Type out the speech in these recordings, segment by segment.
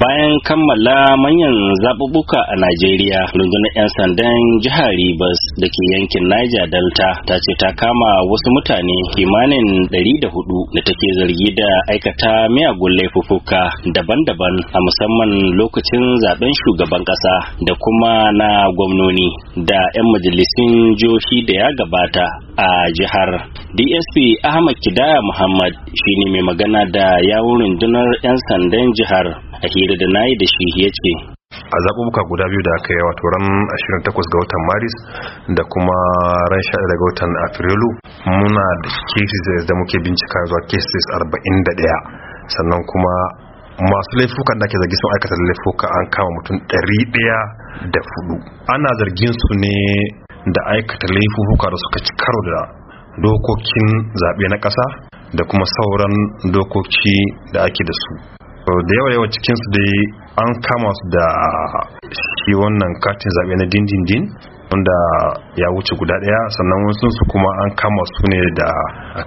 bayan kammala manyan zaɓuɓɓuka a Najeriya rundunar 'yan sandan jihar Rivers da ke yankin Niger Delta ta ce ta kama wasu mutane kimanin 104 da take zargi da aikata miyagun laifuka daban-daban a musamman lokacin zaben shugaban ƙasa da kuma na gwamnoni da 'yan majalisun joshi da ya gabata a jihar. DSP Ahmad Kidaya Muhammad shine mai magana da yawun rundunar 'yan sandan jihar a hira da nayi da shi ya ce a zaɓuɓɓuka guda biyu da aka yi wato ran 28 ga watan maris da kuma ran 11 ga watan afrilu muna da cases da muke bincika zuwa cases 41 sannan kuma masu laifukan da ke zargi sun aikata laifuka an kama mutum ɗaya da hudu ana zargin su ne da aikata laifuka da suka ci karo da dokokin zaɓe na ƙasa da kuma sauran dokoki da ake da su da yawa yawa cikin su dai an kama su da shi wannan katin zaɓe na dindindin wanda ya wuce guda ɗaya sannan wasu su kuma an kama su ne da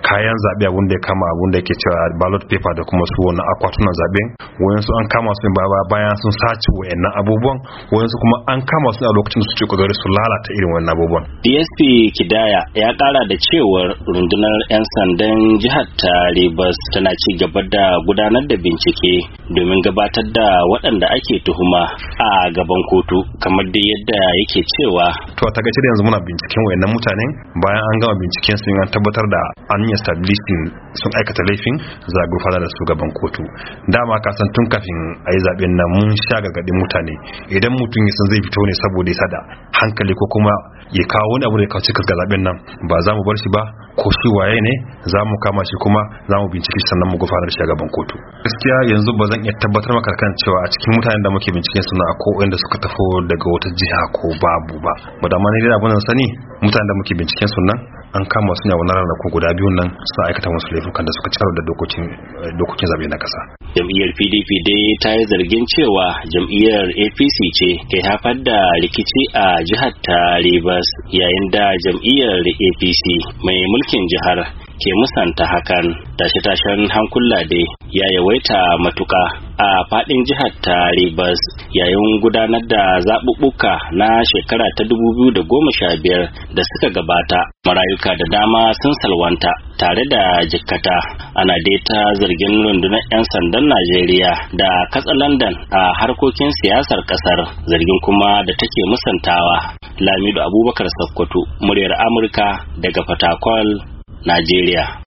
kayan zaɓe abun da ya kama abun da ke cewa ballot paper da kuma su wani akwatunan zaɓen wayansu an kama su bayan sun sace wayannan abubuwan wayansu kuma an kama su a lokacin da suke kokari su lalata irin wannan abubuwan DSP Kidaya ya kara da cewar rundunar 'yan sandan jihar ta Rivers tana ci gaba da gudanar da bincike domin gabatar da waɗanda ake tuhuma a gaban kotu kamar da yadda yake cewa to a takaice da yanzu muna binciken wayannan mutanen bayan an gama binciken su an tabbatar da an yi establishing sun aikata laifin za a da su gaban kotu dama ka san tun kafin a yi zaɓen nan mun sha gaɗin mutane idan mutum ya san zai fito ne saboda ya sada hankali ko kuma ya kawo wani abu da ya kawo cikin ga zaɓen nan ba za mu bar shi ba ko shi waye ne za mu kama shi kuma za mu bincike sannan mu gurfanar shi a gaban kotu gaskiya yanzu ba zan iya tabbatar maka kan cewa a cikin mutanen da muke bincike na ko wanda suka tafi daga wata jiha ko babu ba mu da ma ne da sani mutanen da muke binciken su nan an kama su ne a wannan guda biyu nan su aikata wasu laifukan da suka cikar da dokokin zaɓe na ƙasa. jam'iyyar pdp dai ta yi zargin cewa jam'iyyar apc ce ke haifar da rikici a jihar ta rivers yayin da jam'iyyar apc mai mulkin jihar ke musanta hakan tashe-tashen hankula dai ya yawaita matuka a fadin jihar ta ribas yayin gudanar da zaɓuɓɓuka na shekara ta 2015 da suka gabata marayuka da dama sun salwanta tare da jikkata ana ta zargin rundunar 'yan sandan najeriya da katsalandan a harkokin siyasar kasar zargin kuma da take musantawa lamido abubakar sakkwato muryar amurka daga fatakwal Najeriya.